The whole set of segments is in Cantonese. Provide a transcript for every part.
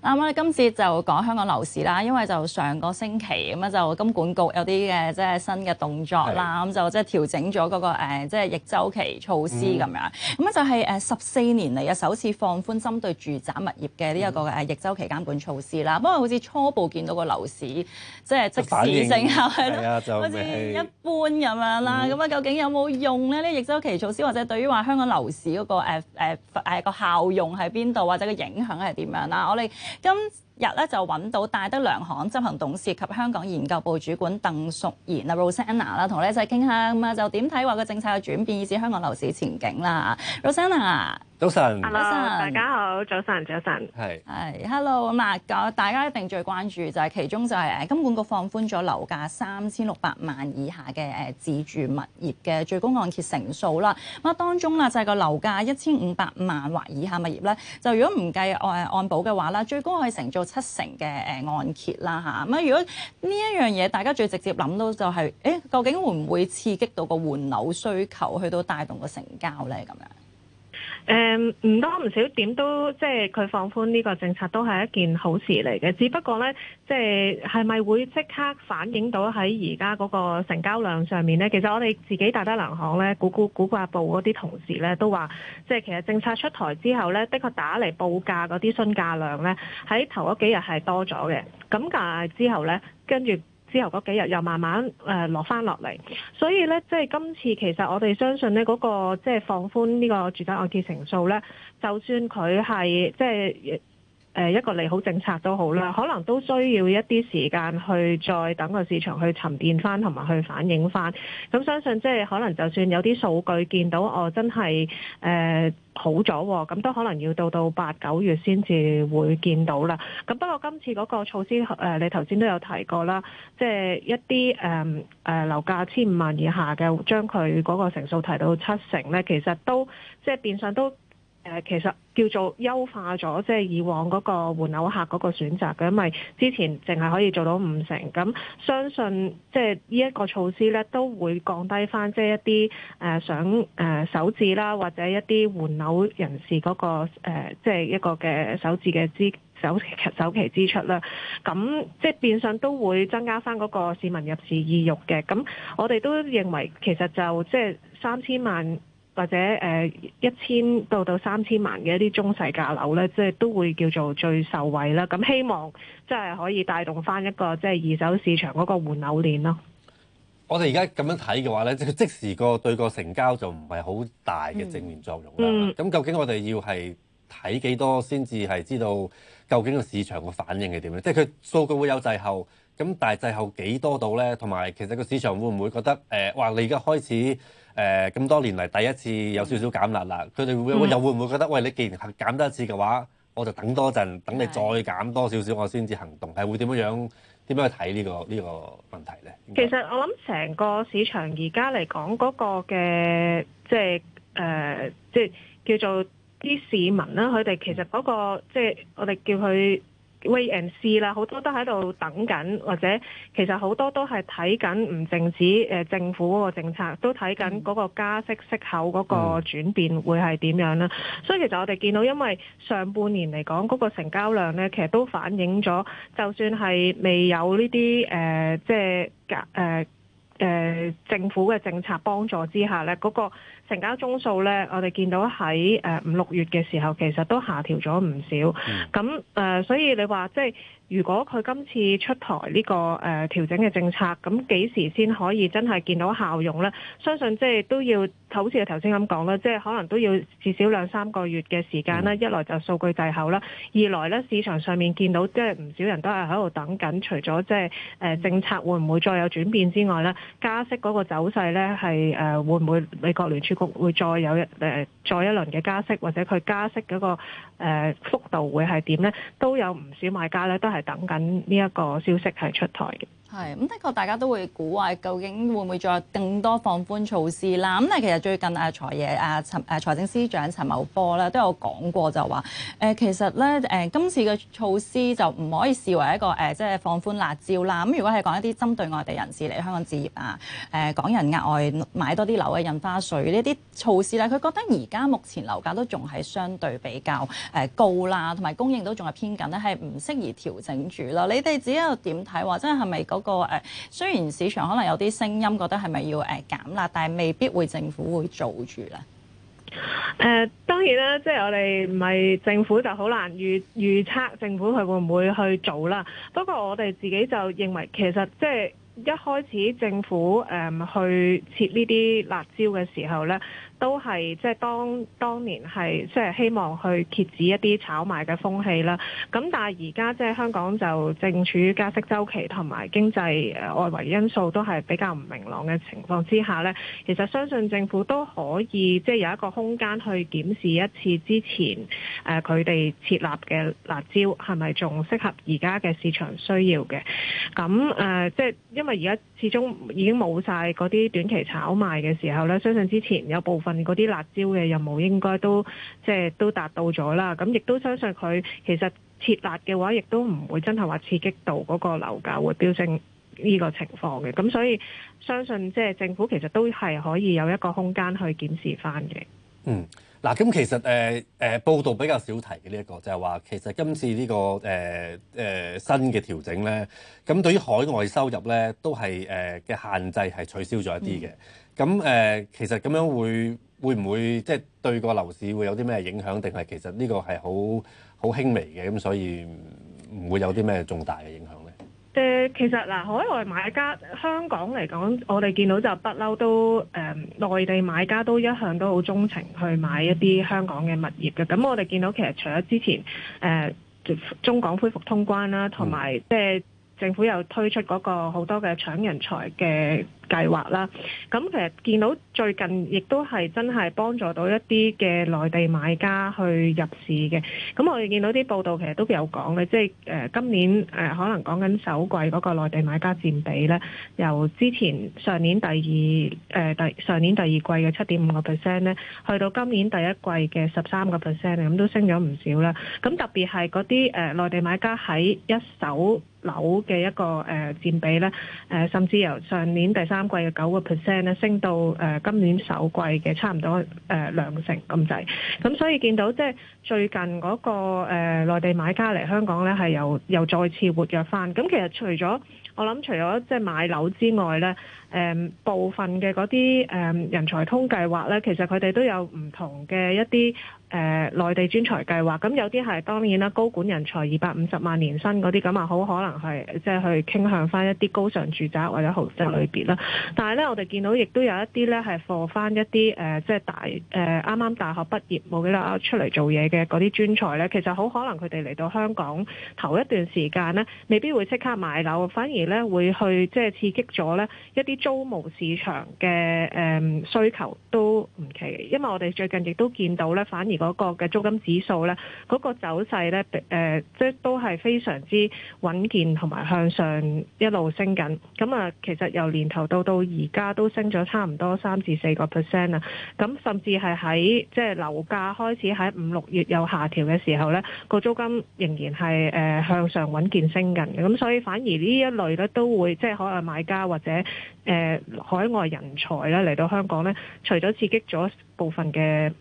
嗱咁啊，今次就講香港樓市啦，因為就上個星期咁啊，就金管局有啲嘅即係新嘅動作啦，咁是就即係調整咗嗰、那個即係、呃就是、逆周期措施咁樣，咁啊、嗯、就係誒十四年嚟嘅首次放寬針對住宅物業嘅呢一個誒逆周期監管措施啦。不過、嗯、好似初步見到個樓市即係、就是、即時成效係咯，是是好似一般咁樣啦。咁啊究竟有冇用咧？呢、這個、逆周期措施或者對於話香港樓市嗰、那個誒誒誒個效用喺邊度，或者個影響係點樣啦？我哋今日咧就揾到戴德梁行執行董事及香港研究部主管鄧淑賢啊，Rosanna 啦，同、啊、你哋仔傾下。咁啊就點睇話個政策嘅轉變，以至香港樓市前景啦，Rosanna。啊 Ros 早晨，啊，早晨，大家好，早晨，早晨，係是，係，Hello，咁啊，大家一定最關注就係其中就係誒，金管局放寬咗樓價三千六百萬以下嘅誒自住物業嘅最高按揭成數啦。咁啊，當中啦就係個樓價一千五百萬或以下物業咧，就如果唔計按按保嘅話咧，最高可以成做七成嘅誒按揭啦嚇。咁啊，如果呢一樣嘢大家最直接諗到就係、是，誒，究竟會唔會刺激到個換樓需求去到帶動個成交咧咁樣？誒，嗯，唔多唔少點都即係佢放寬呢個政策都係一件好事嚟嘅，只不過呢，即係係咪會即刻反映到喺而家嗰個成交量上面呢？其實我哋自己戴德梁行呢，估估估價部嗰啲同事呢都話，即係其實政策出台之後呢，的確打嚟報價嗰啲詢價量呢，喺頭嗰幾日係多咗嘅，咁但係之後呢，跟住。之後嗰幾日又慢慢誒落翻落嚟，所以咧即係今次其實我哋相信咧嗰個即係放寬呢個住宅按揭成數咧，就算佢係即係。誒一個利好政策都好啦，可能都需要一啲時間去再等個市場去沉澱翻同埋去反映翻。咁相信即係可能就算有啲數據見到哦，真係誒、呃、好咗、哦，咁都可能要到到八九月先至會見到啦。咁不過今次嗰個措施誒、呃，你頭先都有提過啦，即係一啲誒誒樓價千五萬以下嘅，將佢嗰個成數提到七成咧，其實都即係變相都。誒其實叫做優化咗，即係以往嗰個換樓客嗰個選擇嘅，因為之前淨係可以做到五成，咁相信即係呢一個措施咧，都會降低翻即係一啲誒、呃、想誒首置啦，或者一啲換樓人士嗰、那個即係、呃就是、一個嘅首置嘅支首首期支出啦。咁即係變相都會增加翻嗰個市民入市意欲嘅。咁我哋都認為其實就即係三千萬。或者誒、呃、一千到到三千萬嘅一啲中細價樓咧，即係都會叫做最受惠啦。咁希望即係可以帶動翻一個即係二手市場嗰個換樓鏈咯。我哋而家咁樣睇嘅話咧，即係即時個對個成交就唔係好大嘅正面作用啦。咁、嗯嗯、究竟我哋要係睇幾多先至係知道究竟個市場個反應係點樣，即係佢數據會有滯後。咁但係滯後幾多度咧？同埋其實個市場會唔會覺得誒、呃，哇！你而家開始誒咁、呃、多年嚟第一次有少少減辣啦！佢哋會唔會、嗯、又會唔會覺得喂，你既然減多一次嘅話，我就等多陣，等你再減多少少，我先至行動。係的會點樣樣？點樣去睇呢、這個呢、這個問題咧？其實我諗成個市場而家嚟講嗰個嘅即係誒，即、就、係、是呃就是、叫做啲市民啦。佢哋其實嗰、那個即係、就是、我哋叫佢。Wait and see 啦，好多都喺度等緊，或者其實好多都係睇緊，唔淨止誒政府嗰個政策，都睇緊嗰個加息息口嗰個轉變會係點樣啦。嗯、所以其實我哋見到，因為上半年嚟講嗰個成交量呢，其實都反映咗，就算係未有呢啲誒即係誒誒政府嘅政策幫助之下呢，嗰、嗰個。成交宗數咧，我哋見到喺誒五六月嘅時候，其實都下調咗唔少。咁誒、mm. 嗯呃，所以你話即係如果佢今次出台呢、這個誒調、呃、整嘅政策，咁、嗯、幾時先可以真係見到效用咧？相信即係都要，好似你頭先咁講啦，即係可能都要至少兩三個月嘅時間啦。Mm. 一來就數據滯後啦，二來咧市場上面見到即係唔少人都係喺度等緊，除咗即係誒、呃、政策會唔會再有轉變之外咧，加息嗰個走勢咧係誒會唔會美國聯儲？會再有一誒、呃、再一輪嘅加息，或者佢加息嗰、個、呃、幅度會係點咧？都有唔少買家咧，都係等緊呢一個消息係出台嘅。係咁、嗯，的確大家都會估下，究竟會唔會再有更多放寬措施啦？咁但係其實最近啊財爺啊陳誒、啊、財政司長陳茂波咧都有講過就，就話誒其實咧誒、呃、今次嘅措施就唔可以視為一個誒、呃、即係放寬辣招啦。咁、嗯、如果係講一啲針對外地人士嚟香港置業啊誒、呃、港人額外買多啲樓嘅印花稅呢啲措施咧，佢覺得而家目前樓價都仲係相對比較誒高啦，同埋供應都仲係偏緊咧，係唔適宜調整住咯。你哋自己又點睇？話即係係咪嗰個誒，雖然市場可能有啲聲音覺得係咪要誒減辣，但係未必會政府會做住咧。誒、呃，當然啦，即、就、係、是、我哋唔係政府就好難預預測政府佢會唔會去做啦。不過我哋自己就認為，其實即係一開始政府誒、呃、去設呢啲辣招嘅時候咧。都係即係當當年係即係希望去遏止一啲炒賣嘅風氣啦。咁但係而家即係香港就正處於加息周期，同埋經濟外圍因素都係比較唔明朗嘅情況之下呢，其實相信政府都可以即係有一個空間去檢視一次之前誒佢哋設立嘅辣招係咪仲適合而家嘅市場需要嘅。咁誒即係因為而家。始終已經冇晒嗰啲短期炒賣嘅時候咧，相信之前有部分嗰啲辣招嘅任務應該都即係都達到咗啦。咁亦都相信佢其實撤辣嘅話，亦都唔會真係話刺激到嗰個樓價會飆升呢個情況嘅。咁所以相信即係政府其實都係可以有一個空間去檢視返嘅。嗯，嗱，咁其實誒誒、呃呃、報道比較少提嘅呢一個就係話其實今次、這個呃呃、呢個誒誒新嘅調整咧，咁對於海外收入咧都係誒嘅限制係取消咗一啲嘅，咁誒、嗯嗯呃、其實咁樣會會唔會即係、就是、對個樓市會有啲咩影響定係其實呢個係好好輕微嘅，咁所以唔會有啲咩重大嘅影響。誒、呃，其實嗱、呃，海外買家，香港嚟講，我哋見到就不嬲都誒，內、呃、地買家都一向都好鍾情去買一啲香港嘅物業嘅。咁我哋見到其實除咗之前誒、呃，中港恢復通關啦，同埋即係政府又推出嗰個好多嘅搶人才嘅。計劃啦，咁其實見到最近亦都係真係幫助到一啲嘅內地買家去入市嘅。咁我哋見到啲報道其實都有講嘅，即係誒今年誒可能講緊首季嗰個內地買家佔比咧，由之前上年第二誒第上年第二季嘅七點五個 percent 咧，去到今年第一季嘅十三個 percent 啊，咁都升咗唔少啦。咁特別係嗰啲誒內地買家喺一手樓嘅一個誒佔比咧，誒甚至由上年第三三季嘅九個 percent 咧，升到誒、呃、今年首季嘅差唔多誒、呃、兩成咁滯，咁所以見到即係最近嗰、那個誒內地買家嚟香港咧，係又又再次活躍返。咁其實除咗我諗，除咗即係買樓之外咧，誒部分嘅嗰啲誒人才通計劃咧，嗯、其實佢哋都有唔同嘅一啲。誒，內、呃、地專才計劃咁有啲係當然啦，高管人才二百五十萬年薪嗰啲咁啊，好可能係即係去傾向翻一啲高尚住宅或者豪宅類別啦。但係呢，我哋見到亦都有一啲呢係放翻一啲誒、呃，即係大誒啱啱大學畢業冇幾耐出嚟做嘢嘅嗰啲專才呢，其實好可能佢哋嚟到香港頭一段時間呢，未必會即刻買樓，反而呢會去即係刺激咗呢一啲租務市場嘅誒、呃、需求都唔奇，因為我哋最近亦都見到呢，反而。嗰個嘅租金指數咧，嗰、那個走勢咧，誒、呃，即都係非常之穩健同埋向上一路升緊。咁、嗯、啊，其實由年頭到到而家都升咗差唔多三至四個 percent 啊。咁、嗯、甚至係喺即係樓價開始喺五六月有下調嘅時候咧，個租金仍然係誒、呃、向上穩健升緊嘅。咁、嗯、所以反而呢一類咧都會即係海外買家或者誒、呃、海外人才咧嚟到香港咧，除咗刺激咗部分嘅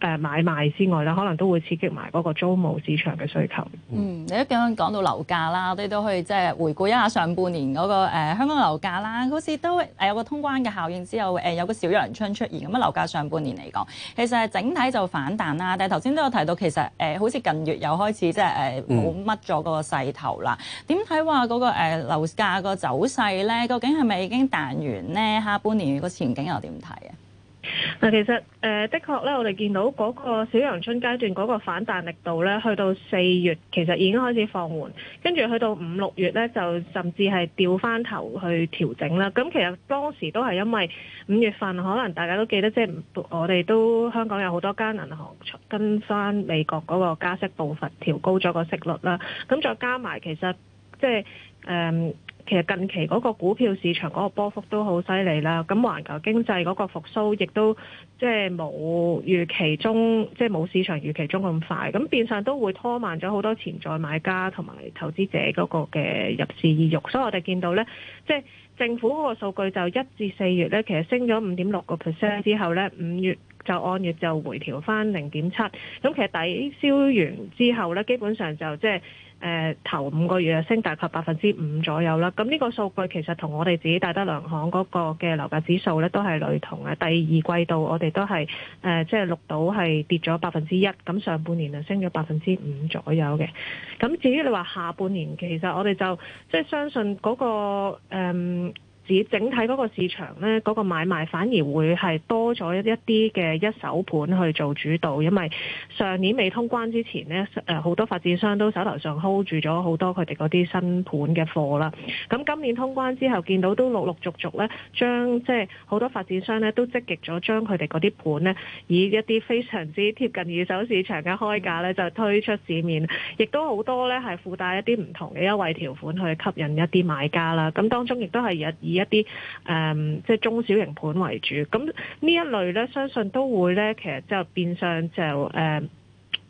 誒買賣之外啦，可能都會刺激埋嗰個租務市場嘅需求。嗯，你一講講到樓價啦，我哋都可以即係回顧一下上半年嗰、嗰個、呃、香港樓價啦。好似都誒有個通關嘅效應之後，誒、呃、有個小陽春出現咁啊。樓價上半年嚟講，其實係整體就反彈啦。但係頭先都有提到，其實誒、呃、好似近月又開始即係誒冇乜咗嗰個勢頭啦。點睇話嗰個誒、呃、樓價個走勢咧？究竟係咪已經彈完咧？下半年個前景又點睇啊？嗱，其實誒、呃，的確咧，我哋見到嗰個小陽春階段嗰個反彈力度咧，去到四月其實已經開始放緩，跟住去到五六月咧，就甚至係調翻頭去調整啦。咁其實當時都係因為五月份可能大家都記得，即係我哋都香港有好多間銀行跟翻美國嗰個加息步伐，調高咗個息率啦。咁再加埋其實。即係誒、嗯，其實近期嗰個股票市場嗰個波幅都好犀利啦。咁環球經濟嗰個復甦亦都即係冇預期中，即係冇市場預期中咁快。咁變相都會拖慢咗好多潛在買家同埋投資者嗰個嘅入市意欲。所以我哋見到呢，即係政府嗰個數據就一至四月呢，其實升咗五點六個 percent 之後呢，五月就按月就回調翻零點七。咁其實抵消完之後呢，基本上就即、就、係、是。誒、呃、頭五個月啊，升大概百分之五左右啦。咁呢個數據其實同我哋自己戴德梁行嗰個嘅樓價指數咧都係類同嘅。第二季度我哋都係誒，即、呃、係、就是、錄到係跌咗百分之一。咁上半年就升咗百分之五左右嘅。咁至於你話下半年，其實我哋就即係、就是、相信嗰、那個、嗯指整體嗰個市場呢，嗰個買賣反而會係多咗一啲嘅一手盤去做主導，因為上年未通關之前呢，誒好多發展商都手頭上 hold 住咗好多佢哋嗰啲新盤嘅貨啦。咁今年通關之後，見到都陸陸續續呢，將即係好多發展商呢都積極咗將佢哋嗰啲盤呢以一啲非常之貼近二手市場嘅開價呢就推出市面，亦都好多呢係附帶一啲唔同嘅優惠條款去吸引一啲買家啦。咁當中亦都係有以以一啲誒，即、呃、係、就是、中小型盤為主，咁呢一類咧，相信都會咧，其實即係變相就誒。呃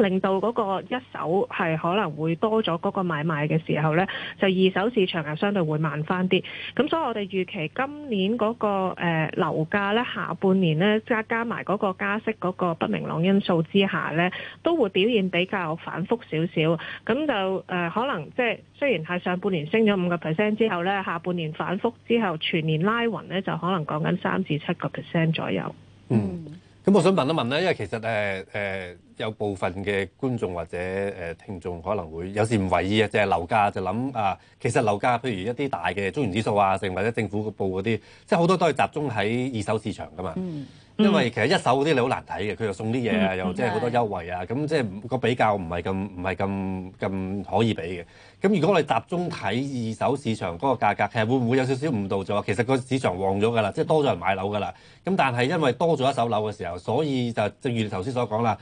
令到嗰個一手係可能會多咗嗰個買賣嘅時候呢，就二手市場又相對會慢翻啲。咁所以我哋預期今年嗰、嗰個誒樓價咧，下半年呢，加加埋嗰個加息嗰個不明朗因素之下呢，都會表現比較反覆少少。咁就誒、呃、可能即係雖然係上半年升咗五個 percent 之後呢，下半年反覆之後全年拉勻呢，就可能講緊三至七個 percent 左右。嗯，咁、嗯、我想問一問呢，因為其實誒誒。呃呃有部分嘅觀眾或者誒聽眾可能會有時唔為意啊，即係樓價就諗啊，其實樓價譬如一啲大嘅中原指數啊，定或者政府個報嗰啲，即係好多都係集中喺二手市場噶嘛。嗯、因為其實一手嗰啲你好難睇嘅，佢又送啲嘢啊，嗯、又即係好多優惠啊，咁的即係個比較唔係咁唔係咁咁可以比嘅。咁如果我哋集中睇二手市場嗰個價格，其實會唔會有少少誤導咗？其實個市場旺咗㗎啦，即係多咗人買樓㗎啦。咁但係因為多咗一手樓嘅時候，所以就正如你頭先所講啦。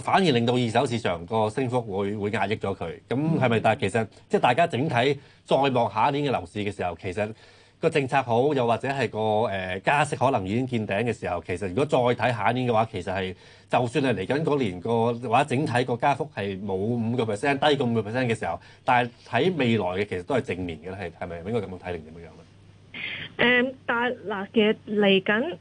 反而令到二手市場個升幅會會壓抑咗佢，咁係咪？但係其實即係大家整體再望下一年嘅樓市嘅時候，其實個政策好，又或者係個誒、呃、加息可能已經見頂嘅時候，其實如果再睇下一年嘅話，其實係就算係嚟緊嗰年個話整體個加幅係冇五個 percent 低過五個 percent 嘅時候，但係睇未來嘅其實都係正面嘅啦，係係咪？係係應該咁樣睇定點樣樣咧？誒、嗯，但嗱，其實嚟緊。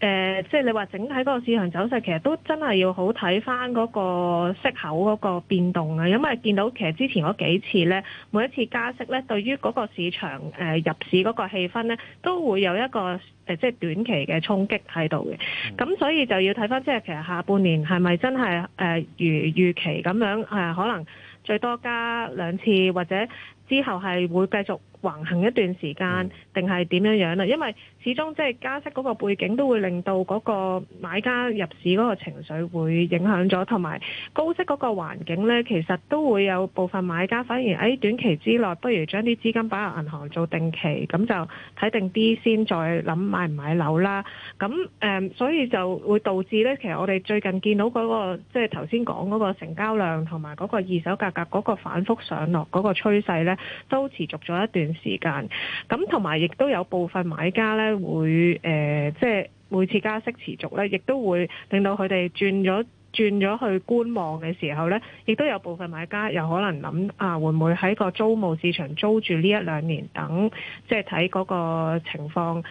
誒、呃，即係你話整體嗰個市場走勢，其實都真係要好睇翻嗰個息口嗰個變動啊，因為見到其實之前嗰幾次呢，每一次加息呢，對於嗰個市場誒、呃、入市嗰個氣氛呢，都會有一個誒、呃、即係短期嘅衝擊喺度嘅。咁所以就要睇翻，即係其實下半年係咪真係誒、呃、如預期咁樣誒、呃？可能最多加兩次或者。之後係會繼續橫行一段時間，定係點樣樣啦？因為始終即係加息嗰個背景都會令到嗰個買家入市嗰個情緒會影響咗，同埋高息嗰個環境呢，其實都會有部分買家反而喺短期之內不如將啲資金擺入銀行做定期，咁就睇定啲先，再諗買唔買樓啦。咁誒、嗯，所以就會導致呢，其實我哋最近見到嗰個即係頭先講嗰個成交量同埋嗰個二手價格嗰個反覆上落嗰個趨勢呢，都持續咗一段時間，咁同埋亦都有部分買家咧會誒、呃，即係每次加息持續咧，亦都會令到佢哋轉咗。轉咗去觀望嘅時候呢，亦都有部分買家又可能諗啊，會唔會喺個租務市場租住呢一兩年等，等即係睇嗰個情況誒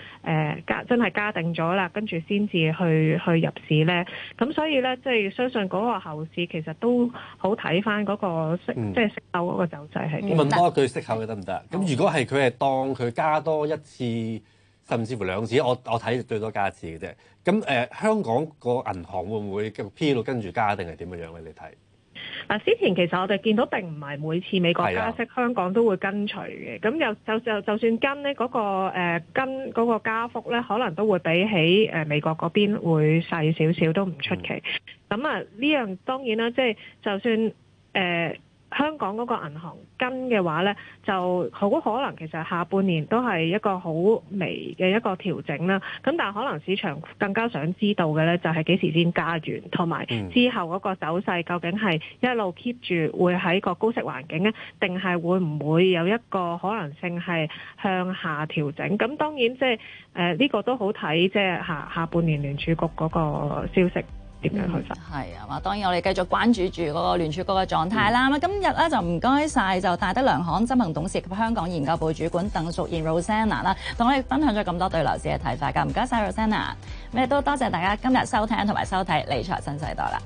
加、呃、真係加定咗啦，跟住先至去去入市呢，咁所以呢，即係相信嗰個後市其實都好睇翻嗰個即係、嗯、息口嗰個走勢係點？我問多句息口嘅得唔得？咁如果係佢係當佢加多一次。甚至乎兩次，我我睇最多加一次嘅啫。咁誒、呃，香港個銀行會唔會個 P 率跟住加定係點樣樣咧？你睇？嗱、啊，之前其實我哋見到並唔係每次美國加息，啊、香港都會跟隨嘅。咁又就就就，就，就算跟呢嗰、嗰個、呃、跟嗰、嗰個、加幅咧，可能都會比起誒、呃、美國嗰邊會細少少，都唔出奇。咁啊、嗯，呢樣當然啦，即係就算誒。呃香港嗰個銀行跟嘅話咧，就好可能其實下半年都係一個好微嘅一個調整啦。咁但係可能市場更加想知道嘅咧，就係幾時先加完，同埋之後嗰個走勢究竟係一路 keep 住會喺個高息環境咧，定係會唔會有一個可能性係向下調整？咁當然即係誒呢個都好睇，即係下下半年聯儲局嗰個消息。點樣去法？係、嗯、啊嘛，當然我哋繼續關注住嗰個聯儲局嘅狀態啦。咁、嗯、今日咧就唔該晒就戴德梁行執行董事、及香港研究部主管鄧淑賢 Rosanna 啦，同我哋分享咗咁多對樓市嘅睇法。㗎唔該晒 Rosanna，咩都多謝大家今日收聽同埋收睇《理財新世代》啦。